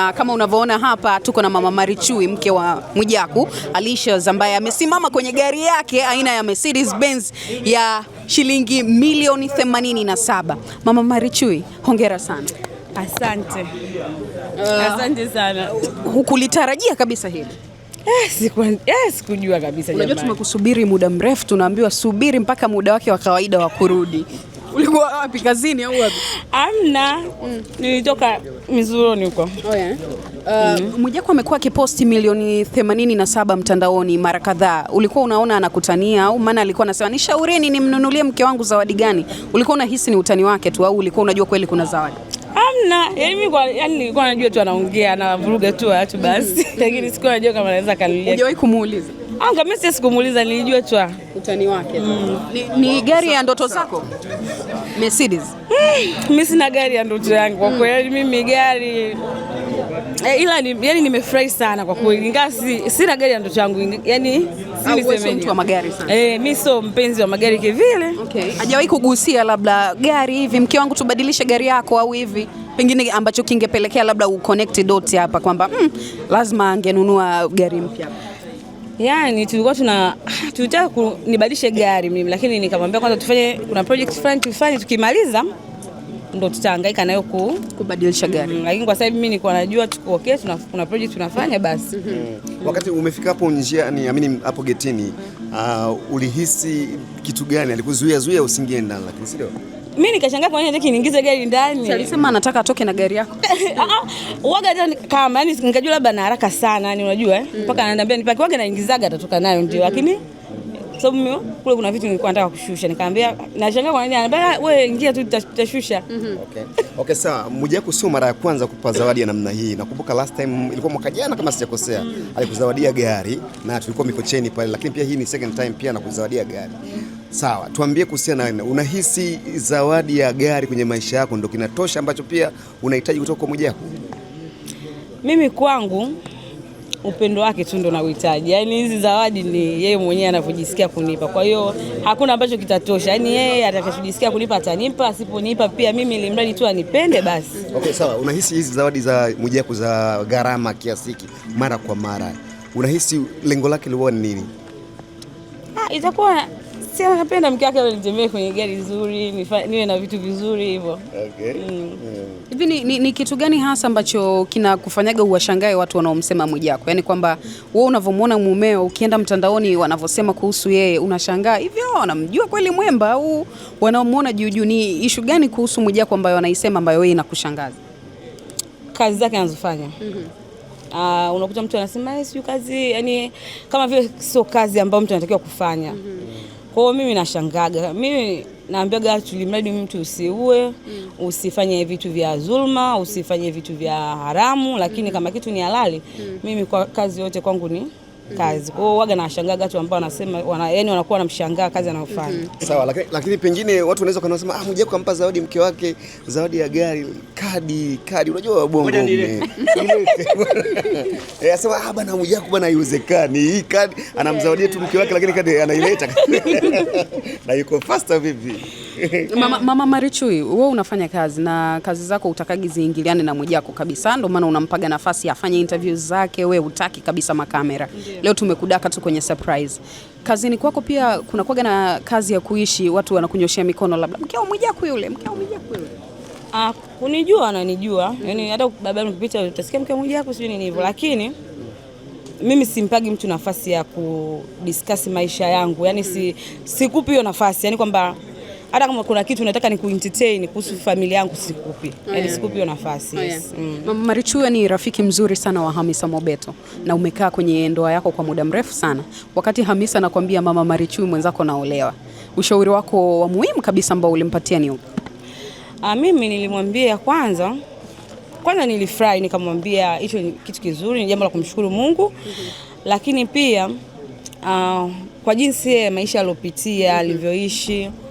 na kama unavyoona hapa tuko na mama Marichui mke wa Mwijaku Alisha ambaye amesimama kwenye gari yake aina ya Mercedes Benz ya shilingi milioni 87. Mama Marichui, hongera sana. Asante. Uh, asante sana. Hukulitarajia kabisa hili? Eh, eh, sikujua kabisa Unajua tumekusubiri muda mrefu, tunaambiwa subiri mpaka muda wake wa kawaida wa kurudi. Ulikuwa wapi, kazini au wapi? Amna, mm. Nilitoka Mizuroni huko. Oh yeah. Uh, mm. Mwijaku amekuwa akiposti milioni 87 mtandaoni mara kadhaa. Ulikuwa unaona anakutania au maana alikuwa anasema nishaurieni nimnunulie mke wangu zawadi gani? Ulikuwa unahisi ni utani wake tu au ulikuwa unajua kweli kuna zawadi? Amna, yani mimi kwa yani nilikuwa najua tu anaongea vuruga tu acha basi. Mm-hmm. Lakini sikuwa najua kama anaweza kanilia. Hujawahi kumuuliza? Ah, kama mimi sikumuuliza nilijua tu utani wake. Mm. Ni, ni gari ya ndoto zako? Mercedes. Mimi sina gari ya ndoto yangu kwa kweli, yaani mimi gari E, ila ni, yani nimefurahi sana kwa kweli, ingawa si, sina gari ya ndoto yangu, yani si mtu wa magari sana. Eh, mimi sio mpenzi wa magari kivile. Okay. Hajawahi kugusia labda gari hivi, mke wangu tubadilishe gari yako au hivi pengine ambacho kingepelekea labda u connect dot hapa kwamba mm, lazima angenunua gari mpya. Yani tulikuwa tuna tulitaka nibadilishe gari mimi, lakini nikamwambia kwanza tufanye kuna project fulani tufanye, tukimaliza ndo tutahangaika nayo ku kubadilisha gari mm, lakini kwa sababu mimi niko najua tuko okay, tuna kuna project tunafanya basi. mm Wakati umefika hapo njia, amini hapo getini, uh, ulihisi kitu gani? Alikuzuia zuia usingie ndani, lakini sio mimi nikashangaa kwa nini hata niingize gari ndani. Alisema anataka atoke na gari yako. Ah, ah. Waga kama yani nikajua labda na haraka sana yani unajua eh. Mm. Mpaka ananiambia nipaki waga naingizaga atatoka nayo ndio mm-hmm. lakini sababu mimi kule kuna vitu nilikuwa nataka kushusha nikamwambia nashangaa kwa nini ananiambia ah, wewe ingia tu tutashusha. Mm-hmm. Okay. Okay sawa. Mujia kusoma mara ya kwanza kupa zawadi ya namna hii. Nakumbuka last time ilikuwa mwaka jana kama sijakosea. Mm. Alikuzawadia gari na tulikuwa Mikocheni pale lakini pia hii ni second time pia nakuzawadia gari. Sawa, tuambie kuhusiana na unahisi zawadi ya gari kwenye maisha yako ndio kinatosha ambacho pia unahitaji kutoka kwa Mwijaku? Mimi kwangu upendo wake tu ndo nauhitaji. Yaani hizi zawadi ni yeye mwenyewe anavyojisikia kunipa, kwa hiyo hakuna ambacho kitatosha. Yaani yeye atakachojisikia kunipa atanipa, asiponipa pia mimi, ili mradi tu anipende basi. Okay, sawa. Unahisi hizi zawadi za Mwijaku za gharama kiasi hiki mara kwa mara, unahisi lengo lake liwa nini? Ah, itakuwa si anapenda mke wake nitembee kwenye gari nzuri, niwe na vitu vizuri hivyo. Okay. Hivi Mm. Yeah. ni, ni, ni kitu gani hasa ambacho kinakufanyaga uwashangae watu wanaomsema Mwijaku? Yaani kwamba wewe unavyomwona mumeo, ukienda mtandaoni wanavyosema kuhusu yeye unashangaa hivyo, wanamjua kweli mwemba au wanaomwona juu juu? Ni ishu gani kuhusu Mwijaku ambayo wanaisema ambayo wewe inakushangaza? Kazi zake anazofanya mm -hmm. Uh, unakuta mtu anasema eh, sijui kazi, yani kama vile sio kazi ambayo mtu anatakiwa kufanya mm -hmm. Kwa hiyo mimi nashangaga, mimi naambiaga tulimradi mtu usiue, mm. usifanye vitu vya dhulma, usifanye vitu vya haramu, lakini mm. kama kitu ni halali mm. mimi kwa kazi yote kwangu ni kazi. Kwa hiyo waga nawashangaga gatu ambao wanasema wana, yani wanakuwa mshangaa kazi anayofanya. mm -hmm. Sawa, lakini, lakini pengine watu wanaweza kanasema ah, mje kampa zawadi mke wake zawadi ya gari kadi kadi, unajua wabongo eh, anasema ah, bana Mwijaku bana, haiwezekani hii kadi anamzawadia tu mke wake, lakini kadi anaileta na yuko faster vipi? Mama, mama Marichui, wewe unafanya kazi na kazi zako utakagi ziingiliane na Mwijaku kabisa, ndio maana unampaga nafasi afanye interview zake, we utaki kabisa makamera. Leo tumekudaka tu kwenye surprise. Kazini kwako pia kuna kuaga na kazi ya kuishi, watu wanakunyoshea mikono, labda mkeo Mwijaku yule, mkeo Mwijaku yule Ah, kunijua ananijua, yaani hata yangu ukipita utasikia mke mmoja wako sio nini hivyo, lakini mimi simpagi mtu nafasi ya kudiskasi maisha yangu, yaani si sikupi hiyo nafasi, yaani kwamba hata kama kuna kitu nataka ni kuentertain kuhusu familia yangu sikupi. Oh, yaani yeah. Sikupi hiyo nafasi. Oh, yeah. Yes. Mm. Marichuya ni rafiki mzuri sana wa Hamisa Mobeto na umekaa kwenye ndoa yako kwa muda mrefu sana. Wakati Hamisa anakuambia Mama Marichuya mwenzako naolewa, ushauri wako wa muhimu kabisa ambao ulimpatia ni upi? Ah, mimi nilimwambia kwanza kwanza nilifurahi nikamwambia hicho ni kitu kizuri, ni jambo la kumshukuru Mungu. mm -hmm. Lakini pia uh, kwa jinsi ya maisha aliyopitia, alivyoishi mm-hmm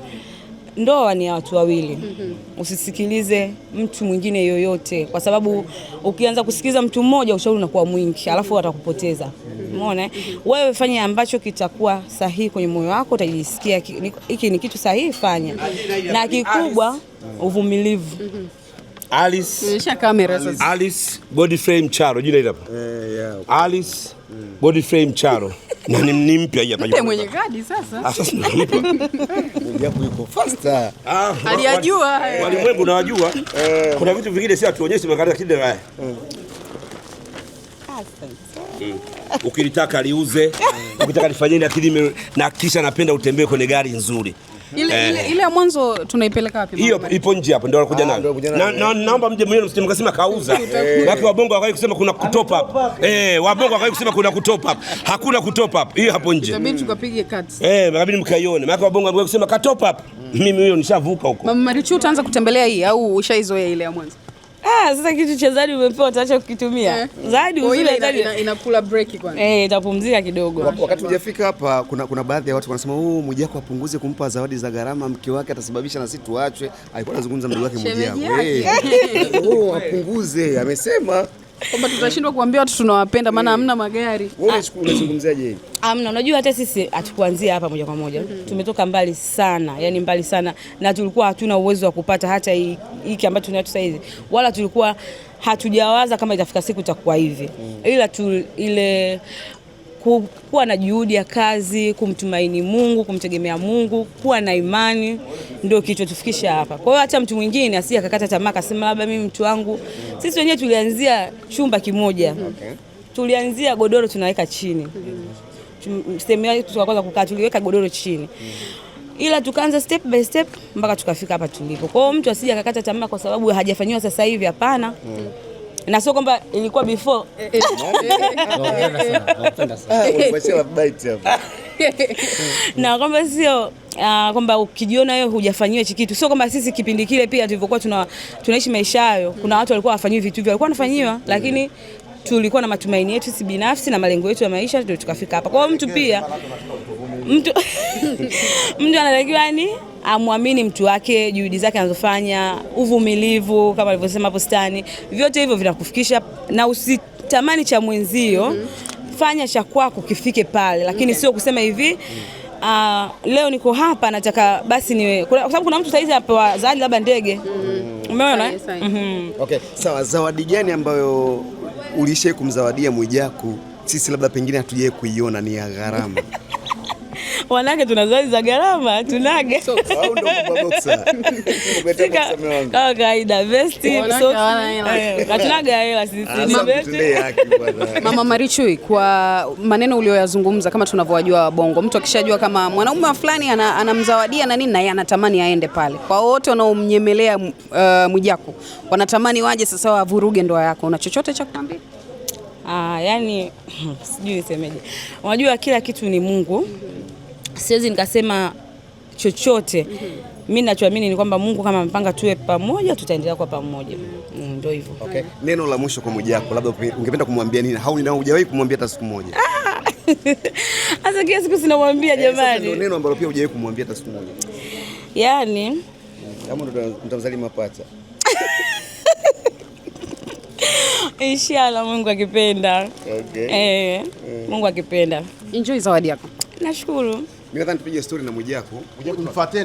ndoa ni ya watu wawili. mm -hmm. Usisikilize mtu mwingine yoyote, kwa sababu ukianza kusikiliza mtu mmoja ushauri unakuwa mwingi, alafu atakupoteza. Mhm. Umeona? mm -hmm. Wewe fanya ambacho kitakuwa sahihi kwenye moyo wako, utajisikia hiki ni kitu sahihi, fanya na kikubwa uvumilivu. mm -hmm. Alice, Alice Godfrey Mcharo, jina hapa. Eh, Alice mm. Godfrey Mcharo na ni mpya hii mwenye sasa. Ah, sasa yuko faster. Ah, aliyajua. Eh. Walimwengu nawajua. Eh. Kuna vitu vingine si atuonyeshe haya. Eh. Mm. Ukilitaka liuze, ukitaka lifanyeni akili na kisha napenda utembee kwenye gari nzuri ile eh. ile ile ya mwanzo tunaipeleka wapi? Hiyo ipo nje hapo, ndio wanakuja ah, nayo. Na naomba mje mwenyewe msije mkasema kauza. Maki wabongo wakai kusema kuna kutop up. Eh, wabongo wakai kusema kuna kutop up. Hakuna kutop up. Hiyo hapo nje. Itabidi tukapige cuts. Eh, mkabidi mkaione. Maana wabongo wakai kusema katop up. Mm. Mimi huyo nishavuka huko. Mama Marichu utaanza kutembelea hii au ushaizoea ile ya mwanzo? Ah, sasa kitu cha Zadi umepewa utaacha kukitumia yeah. Zadi uzile Zadi inakula break kwanza. Eh, itapumzika kidogo. Wakati hujafika hapa kuna, kuna baadhi ya watu wanasema oh, Mwijaku apunguze kumpa zawadi za gharama, mke wake atasababisha na sisi tuachwe. Alikuwa anazungumza mdogo wake Mwijaku. Eh, oh apunguze amesema kwamba tutashindwa kuambia watu tunawapenda, maana hamna magari. Wewe unazungumziaje hili? Amna, unajua hata sisi hatukuanzia hapa moja kwa moja. Mm -hmm. Tumetoka mbali sana, yani mbali sana, na tulikuwa hatuna uwezo wa kupata hata hiki ambacho tunacho sasa hivi, wala tulikuwa hatujawaza kama itafika siku itakuwa hivi, mhm. ila tu, ile kuwa na juhudi ya kazi, kumtumaini Mungu, kumtegemea Mungu, kuwa na imani ndio kilichotufikisha hapa. Kwa hiyo hata mtu mwingine asije akakata tamaa akasema labda mimi mtu wangu. Sisi wenyewe tulianzia chumba kimoja, tulianzia godoro tunaweka chini, sehemu yetu ya kwanza kukaa tuliweka godoro chini ila tukaanza step by step mpaka tukafika hapa tulipo. Kwa hiyo mtu asije akakata tamaa kwa sababu hajafanyiwa sasa hivi, hapana. Mm na sio kwamba ilikuwa before na kwamba sio Uh, kwamba ukijiona wewe hujafanyiwa hichi kitu, sio kwamba sisi kipindi kile pia tulivyokuwa tuna, tunaishi maisha hayo, kuna watu walikuwa hawafanyiwi vitu hivyo, walikuwa wanafanyiwa, mm. lakini tulikuwa na matumaini yetu si binafsi na malengo yetu ya maisha ndio tukafika hapa. Kwa hiyo mtu pia mtu mtu anatakiwa ni amwamini mtu wake, juhudi zake anazofanya, uvumilivu kama alivyosema hapo Stani, vyote hivyo vinakufikisha, na usitamani cha mwenzio mm -hmm. Fanya cha kwako kifike pale, lakini okay. Sio kusema hivi uh, leo niko hapa nataka basi niwe, kwa sababu kuna mtu saizi apewa zawadi labda ndege mm -hmm. Umeona mm -hmm. Okay, sawa. Zawadi gani ambayo ulishai kumzawadia Mwijaku sisi labda pengine hatujai kuiona ni ya gharama? wanake tuna zawadi za gharama tunage kama kawaida vesti hatunaga hela eh, ah, Mama Marichui, kwa maneno uliyoyazungumza, kama tunavyowajua Wabongo, mtu akishajua kama mwanaume wa fulani anamzawadia na nini, anatamani aende pale. Kwa wote wanaomnyemelea uh, Mwijaku wanatamani waje sasa wavuruge ndoa yako, una chochote cha kuambia? Ah, yani sijui nisemeje. Unajua kila kitu ni Mungu siwezi nikasema chochote mhm. Mimi ninachoamini ni kwamba Mungu kama amepanga tuwe pamoja, tutaendelea kwa pamoja, mm, ndio hivyo. Okay, neno la mwisho kwa Mwijaku, labda ungependa kumwambia nini? Au ndio hujawahi kumwambia hata siku moja? Ah! Sasa kila siku sinamwambia eh, jamani. neno ambalo pia hujawahi kumwambia hata siku moja, yaani kama mm, ndo mtamzali mapacha. Inshallah, Mungu akipenda. Okay. Eh, eh, Mungu akipenda. Enjoy zawadi yako. Nashukuru mimi nadhani tupige story na Mwijaku. Mwijaku mfuateni.